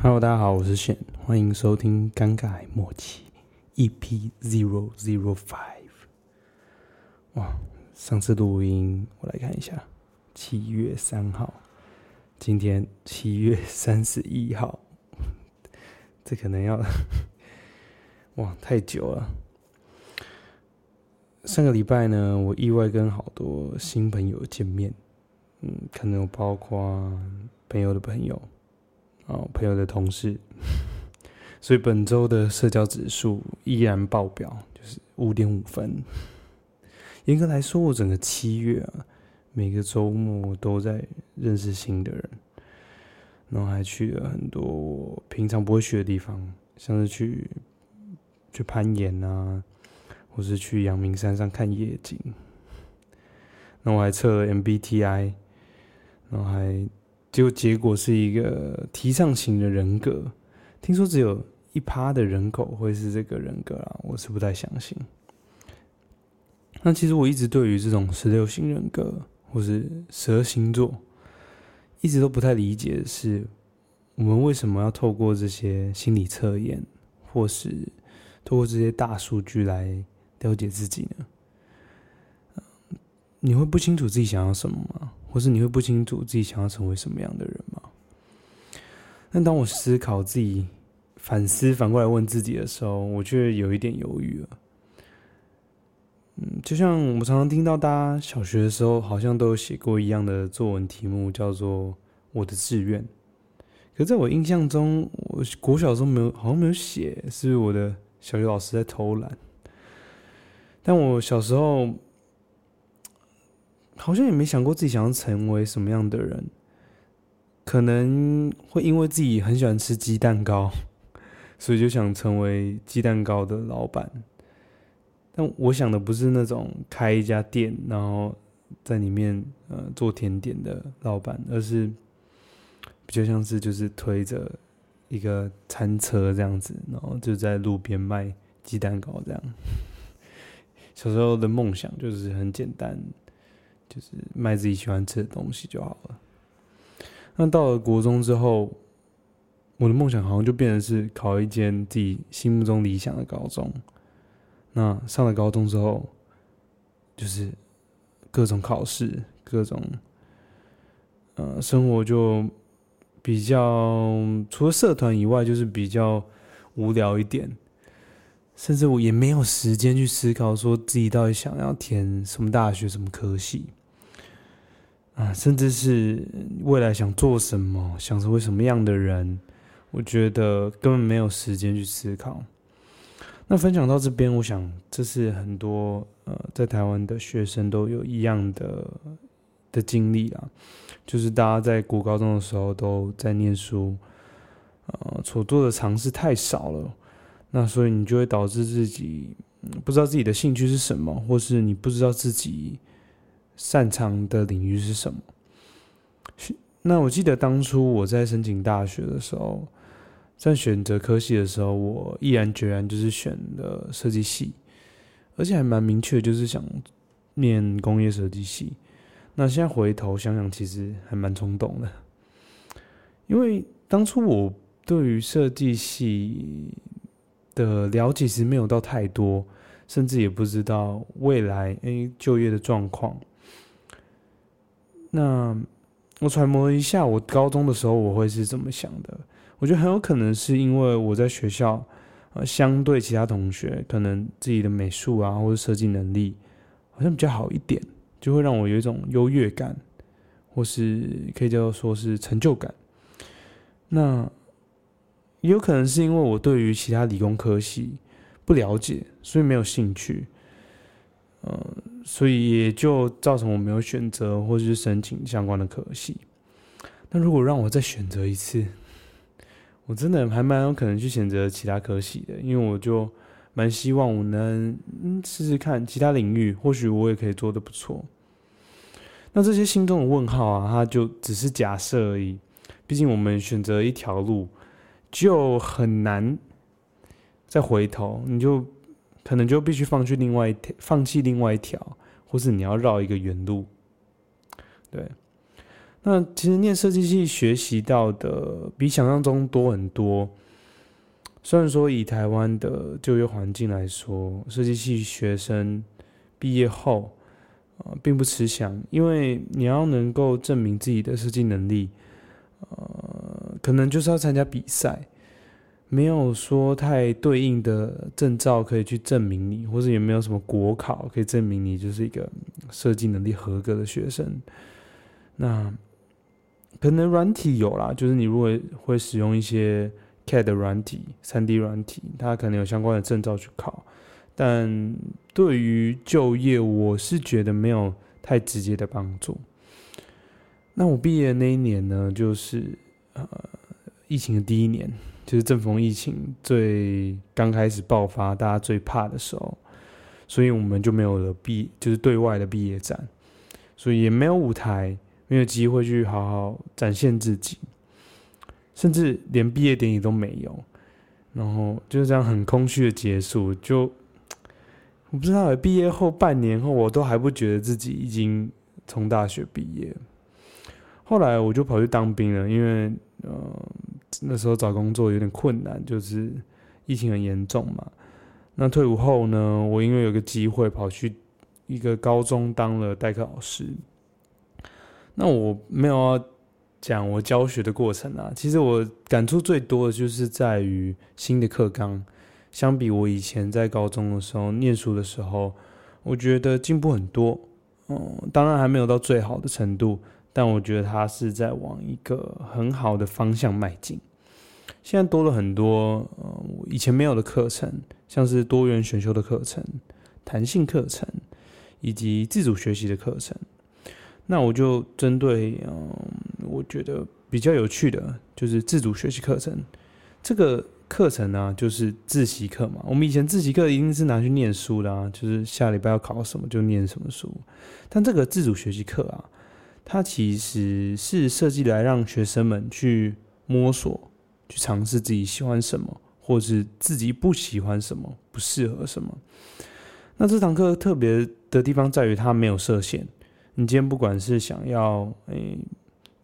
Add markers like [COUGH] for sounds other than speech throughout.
Hello，大家好，我是選，歡迎收聽尷尬默契 EP Zero Zero Five。哇，上次錄音，我來看一下。七月三號，今天七月三十一號，這可能要，哇，太久了。上個禮拜呢，我意外跟好多新朋友見面，嗯，可能包括朋友的朋友啊，朋友的同事，所以本週的社交指數依然爆表，就是五點五分。嚴格來說，我整個七月啊。每個週末都在認識新的人，然後還去了很多我平常不會去的地方，像是去去攀岩啊，或是去陽明山上看夜景。那我還測了 MBTI，然後還就結，結果是一個提倡型的人格。聽說只有一趴的人口會是這個人格啦，我是不太相信。那其實我一直對於這種十六型人格。或是十二星座，一直都不太理解的是，我們為什麼要透過這些心理測驗，或是透過這些大數據來了解自己呢？你會不清楚自己想要什麼嗎？或是你會不清楚自己想要成為什麼樣的人嗎？但當我思考自己、反思、反過來問自己的時候，我卻有一點猶豫了。嗯，就像我常常聽到大家小學的時候好像都有寫過一樣的作文題目，叫做“我的志願”。可在我印象中，我國小時候沒有，好像沒有寫，是我的小學老師在偷懶。但我小時候好像也沒想過自己想要成為什麼樣的人，可能會因為自己很喜歡吃雞蛋糕，所以就想成為雞蛋糕的老闆。但我想的不是那種開一家店，然後在裡面呃做甜點的老闆，而是比較像是就是推着一個餐車這樣子，然後就在路邊賣雞蛋糕這樣。小時候的夢想就是很簡單，就是賣自己喜歡吃的東西就好了。那到了國中之後，我的夢想好像就變成是考一間自己心目中理想的高中。那上了高中之後，就是各種考試，各種，呃，生活就比較除了社團以外，就是比較無聊一點，甚至我也沒有時間去思考，說自己到底想要填什麼大學、什麼科系啊，呃，甚至是未來想做什麼、想成為什麼樣的人，我覺得根本沒有時間去思考。那分享到這邊，我想這是很多呃在台灣的學生都有一樣的的經歷啊，就是大家在國高中的時候都在念書，呃所做的嘗試太少了，那所以你就會導致自己不知道自己的興趣是什麼，或是你不知道自己擅長的領域是什麼。那我記得當初我在申請大學的時候，在選擇科系的時候，我毅然決然就是選了設計系，而且還蠻明確，就是想念工業設計系。那現在回頭想想，其實還蠻衝動的，因為當初我對於設計系的了解其實沒有到太多，甚至也不知道未來誒就業的狀況。那我揣摩一下，我高中的時候我會是怎麼想的？我覺得很有可能是因為我在學校，呃，相對其他同學，可能自己的美術啊或者設計能力好像比較好一點，就會讓我有一種優越感，或是可以叫做說是成就感。那也有可能是因為我對於其他理工科系不了解，所以沒有興趣，嗯、呃，所以也就造成我沒有選擇或是申請相關的科系。那如果讓我再選擇一次。我真的還蠻有可能去選擇其他科系的，因為我就蠻希望我能嗯、試試看其他領域，或許我也可以做得不錯。那這些心中的問號啊，它就只是假設而已。畢竟我們選擇一條路，就很難再回頭，你就可能就必須放棄另，另外一條，放棄另外一條，或是你要繞一個遠路，對。那其實念設計系學習到的比想象中多很多。雖然說以台灣的就業環境來說，設計系學生畢業後，呃、並不吃香，因為你要能夠證明自己的設計能力，呃，可能就是要參加比賽，沒有說太對應的證照可以去證明你，或者也沒有什麼國考可以證明你就是一個設計能力合格的學生。那。可能軟體有啦，就是你如果會使用一些 CAD 軟體、3D 軟體，它可能有相關的證照去考。但對於就業，我是覺得沒有太直接的幫助。那我畢業的那一年呢，就是呃疫情的第一年，就是正逢疫情最剛開始爆發，大家最怕的時候，所以我們就沒有了畢，就是對外的畢業展，所以也沒有舞台。沒有機會去好好展現自己，甚至連畢業典禮都沒有，然後就是這樣很空虛的結束。就我不知道，畢業後半年後，我都還不覺得自己已經從大學畢業。後來我就跑去當兵了，因為呃那時候找工作有點困難，就是疫情很嚴重嘛。那退伍後呢，我因為有個機會跑去一個高中當了代課老師。那我沒有要講我教學的過程啊，其實我感觸最多的就是在於新的課綱，相比我以前在高中的時候念書的時候，我覺得進步很多，嗯，當然還沒有到最好的程度，但我覺得它是在往一個很好的方向邁進。現在多了很多，嗯，以前沒有的課程，像是多元選修的課程、彈性課程以及自主學習的課程。那我就針對嗯，我覺得比較有趣的就是自主學習課程。這個課程呢、啊，就是自習課嘛。我們以前自習課一定是拿去念書的啊，就是下禮拜要考什麼就念什麼書。但這個自主學習課啊，它其實是設計來讓學生們去摸索、去嘗試自己喜歡什麼，或是自己不喜歡什麼、不適合什麼。那這堂課特別的地方在於，它沒有設限。你今天不管是想要誒、欸、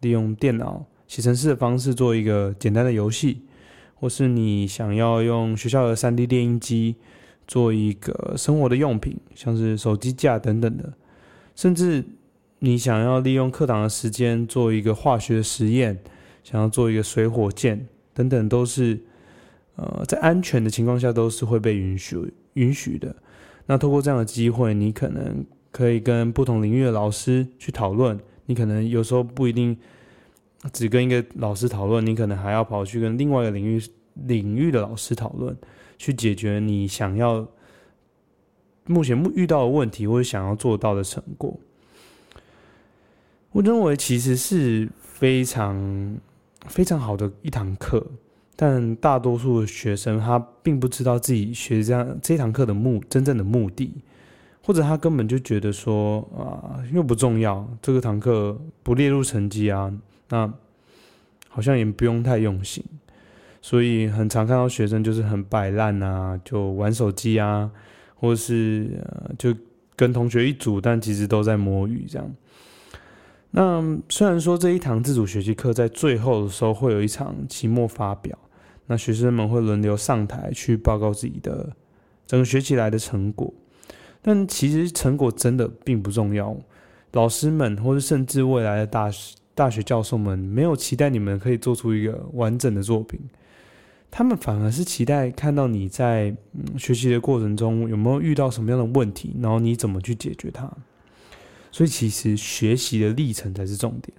利用電腦寫程式，的方式做一個簡單的遊戲，或是你想要用學校的三 D 列印機，做一個生活的用品，像是手機架等等的，甚至你想要利用課堂的時間做一個化學實驗，想要做一個水火箭等等，都是呃在安全的情況下都是會被允許允許的。那透過這樣的機會，你可能。可以跟不同領域的老師去討論，你可能有時候不一定只跟一個老師討論，你可能還要跑去跟另外一個領域領域的老師討論，去解決你想要目前目遇到的問題或者想要做到的成果。我認為其實是非常，非常好的一堂課，但大多數的學生他並不知道自己學這樣這堂課的目，真正的目的。或者他根本就覺得說，啊、呃，又不重要，這個堂課不列入成績啊，那好像也不用太用心，所以很常看到學生就是很擺爛啊，就玩手機啊，或者是、呃、就跟同學一組，但其實都在摸魚這樣。那雖然說這一堂自主學習課在最後的時候會有一場期末發表，那學生們會輪流上台去報告自己的整個學期來的成果。但其實成果真的並不重要，老師們或者甚至未來的大學大學教授們沒有期待你們可以做出一個完整的作品，他們反而是期待看到你在學習的過程中有沒有遇到什麼樣的問題，然後你怎麼去解決它。所以其實學習的歷程才是重點。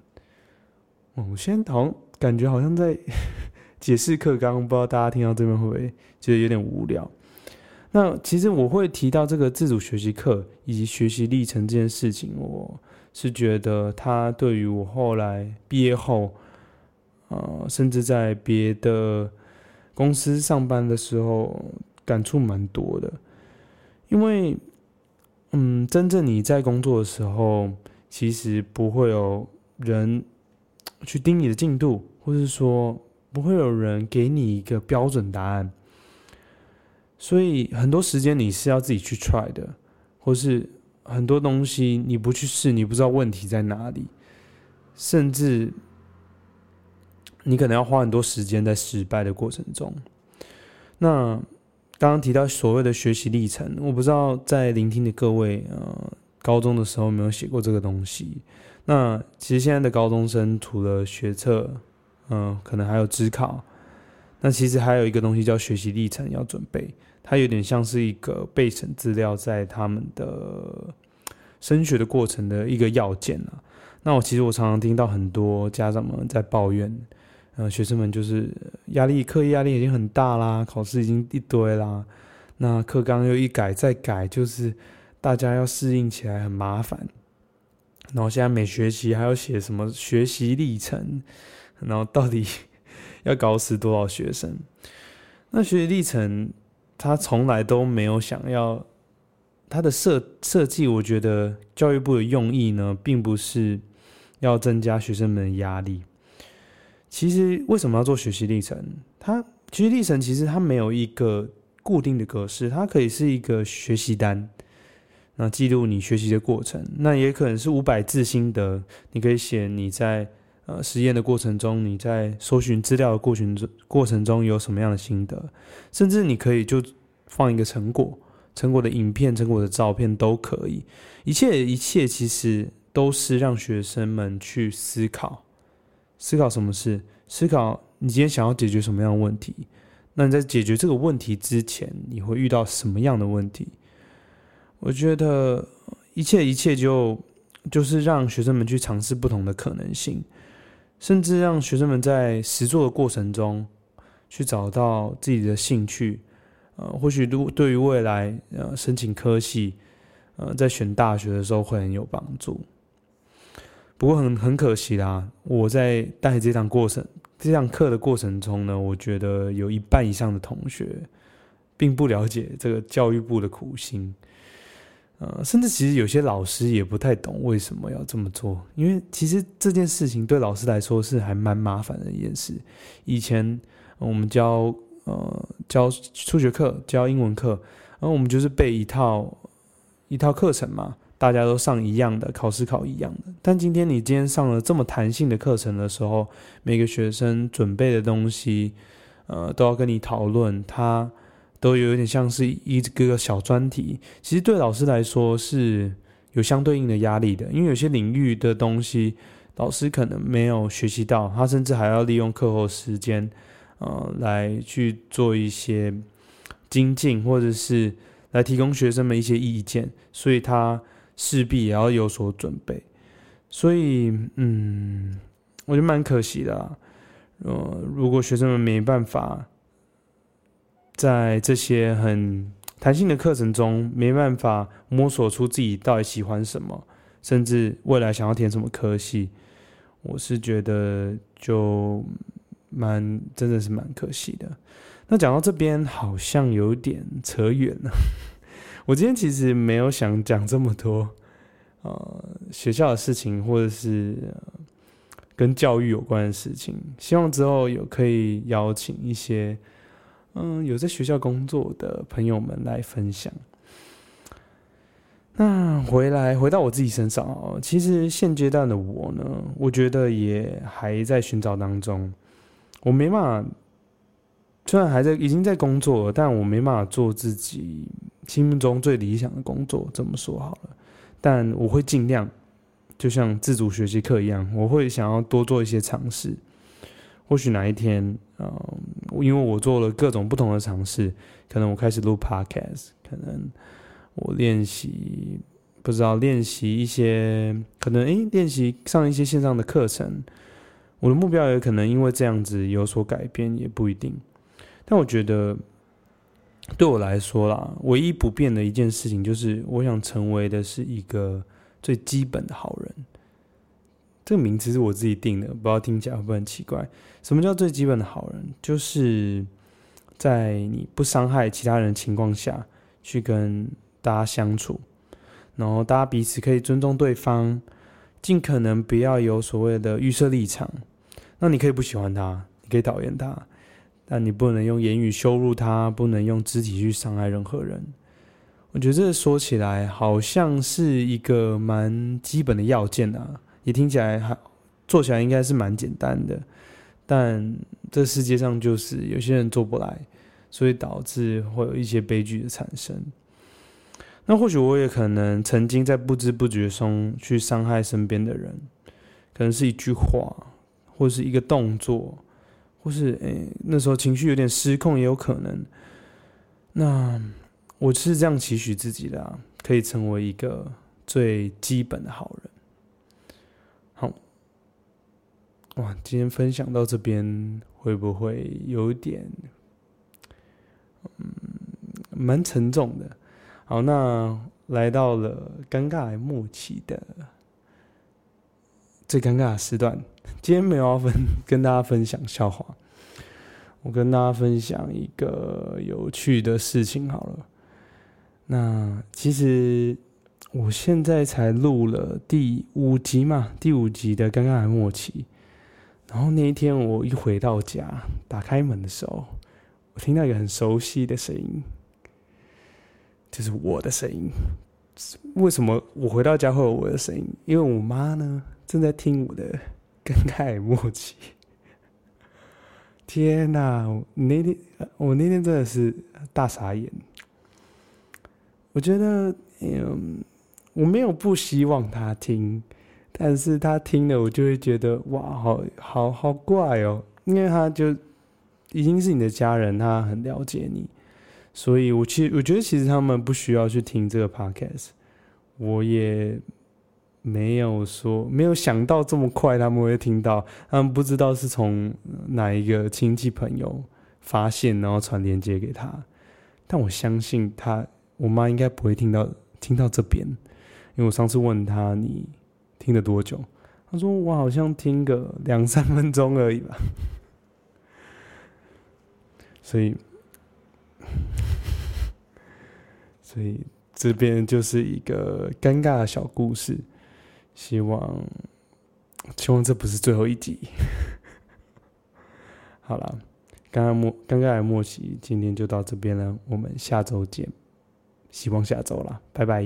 我現在好像感覺好像在解釋課綱，不知道大家聽到這邊會不會覺得有點無聊。那其實我會提到這個自主學習課以及學習歷程這件事情，我是覺得他對於我後來畢業後，呃，甚至在別的公司上班的時候感觸蠻多的，因為，嗯，真正你在工作的時候，其實不會有人去盯你的進度，或是說不會有人給你一個標準答案。所以很多時間你是要自己去 try 的，或是很多東西你不去試，你不知道問題在哪裡，甚至你可能要花很多時間在失敗的過程中。那剛剛提到所謂的學習歷程，我不知道在聆聽的各位，呃，高中的時候沒有寫過這個東西。那其實現在的高中生除了學測，嗯、呃，可能還有指考。那其實還有一個東西叫學習歷程要準備，它有點像是一個備審資料，在他們的升學的過程的一個要件啊。那我其實我常常聽到很多家長們在抱怨，嗯、呃，學生們就是壓力，課業壓力已經很大啦，考試已經一堆啦，那課綱又一改再改，就是大家要適應起來很麻煩。然後現在每學期還要寫什麼學習歷程，然後到底。要搞死多少學生？那學習歷程，他從來都沒有想要。他的設設計，我覺得教育部的用意呢，並不是要增加學生們的壓力。其實為什麼要做學習歷程？它學習歷程其實它沒有一個固定的格式，它可以是一個學習單，那記錄你學習的過程，那也可能是五百字心得，你可以寫你在。呃，實驗的過程中，你在搜尋資料的過程中過程中有什麼樣的心得？甚至你可以就放一個成果，成果的影片、成果的照片都可以。一切一切，其實都是讓學生們去思考，思考什麼事，思考你今天想要解決什麼樣的問題。那你在解決這個問題之前，你會遇到什麼樣的問題？我覺得一切一切，就就是讓學生們去嘗試不同的可能性。甚至讓學生們在實作的過程中，去找到自己的興趣，呃，或許如對於未來呃申請科系，呃，在選大學的時候會很有幫助。不過很很可惜啦，我在帶這堂過程，這堂課的過程中呢，我覺得有一半以上的同學，並不了解這個教育部的苦心。呃，甚至其實有些老師也不太懂為什麼要這麼做，因為其實這件事情對老師來說是還蠻麻煩的一件事。以前我們教呃教數學課、教英文課，然後，呃，我們就是備一套一套課程嘛，大家都上一樣的，考試考一樣的。但今天你今天上了這麼彈性的課程的時候，每個學生準備的東西，呃，都要跟你討論他。都有點像是一個個小專題，其實對老師來說是有相對應的壓力的，因為有些領域的東西，老師可能沒有學習到，他甚至還要利用課後時間，呃，來去做一些精進，或者是來提供學生們一些意見，所以他勢必也要有所準備。所以，嗯，我覺得蠻可惜的，呃，如果學生們沒辦法。在這些很彈性的課程中，沒辦法摸索出自己到底喜歡什麼，甚至未來想要填什麼科系，我是覺得就蠻真的是蠻可惜的。那講到這邊好像有點扯遠了啊， [LAUGHS] 我今天其實沒有想講這麼多啊，呃，學校的事情或者是，呃，跟教育有關的事情，希望之後有可以邀請一些。嗯，有在學校工作的朋友們來分享。那回來，回到我自己身上哦，其實現階段的我呢，我覺得也還在尋找當中。我沒辦法，雖然還在，已經在工作了，但我沒辦法做自己心目中最理想的工作，這麼說好了。但我會盡量，就像自主學習課一樣，我會想要多做一些嘗試。或許哪一天，嗯，因為我做了各種不同的嘗試，可能我開始錄 Podcast，可能我練習，不知道練習一些，可能誒，練習上一些線上的課程。我的目標也可能因為這樣子有所改變，也不一定。但我覺得對我來說啦，唯一不變的一件事情，就是我想成為的是一個最基本的好人。這個名字是我自己定的，不知道聽起來會不會很奇怪？什麼叫最基本的好人？就是在你不傷害其他人的情況下，去跟大家相處，然後大家彼此可以尊重對方，盡可能不要有所謂的預設立場。那你可以不喜歡他，你可以討厭他，但你不能用言語羞辱他，不能用肢體去傷害任何人。我覺得這說起來好像是一個蠻基本的要件啊。也聽起來還做起來應該是蠻簡單的，但這世界上就是有些人做不來，所以導致會有一些悲劇的產生。那或許我也可能曾經在不知不覺中去傷害身邊的人，可能是一句話，或是一個動作，或是，欸，那時候情緒有點失控也有可能。那我是這樣期許自己的啊，可以成為一個最基本的好人。哇，今天分享到這邊會不會有點……嗯，蠻沉重的。好，那來到了尷尬癌末期的最尷尬的時段，今天沒有要分 [LAUGHS] 跟大家分享笑話，我跟大家分享一個有趣的事情好了。那其實我現在才錄了第五集嘛，第五集的尷尬癌末期。然後那一天，我一回到家，打開門的時候，我聽到一個很熟悉的聲音，就是我的聲音。為什麼我回到家會有我的聲音？因為我媽呢正在聽我的《尷尬默契》。天哪、啊！那天我那天真的是大傻眼。我覺得，嗯，我沒有不希望她聽。但是他聽了，我就會覺得哇，好好好，好怪哦，因為他就已經是你的家人，他很了解你，所以我其實我覺得其實他們不需要去聽這個 podcast，我也沒有說沒有想到這麼快他們會聽到，他們不知道是從哪一個親戚朋友發現，然後傳鏈接給他，但我相信他，我媽應該不會聽到聽到這邊，因為我上次問他你。聽了多久？他說我好像聽個兩三分鐘而已吧。所以，所以這邊就是一個尷尬的小故事。希望，希望這不是最後一集。好了，剛剛默，尷尬的默契今天就到這邊了。我們下周見，希望下周啦，拜拜。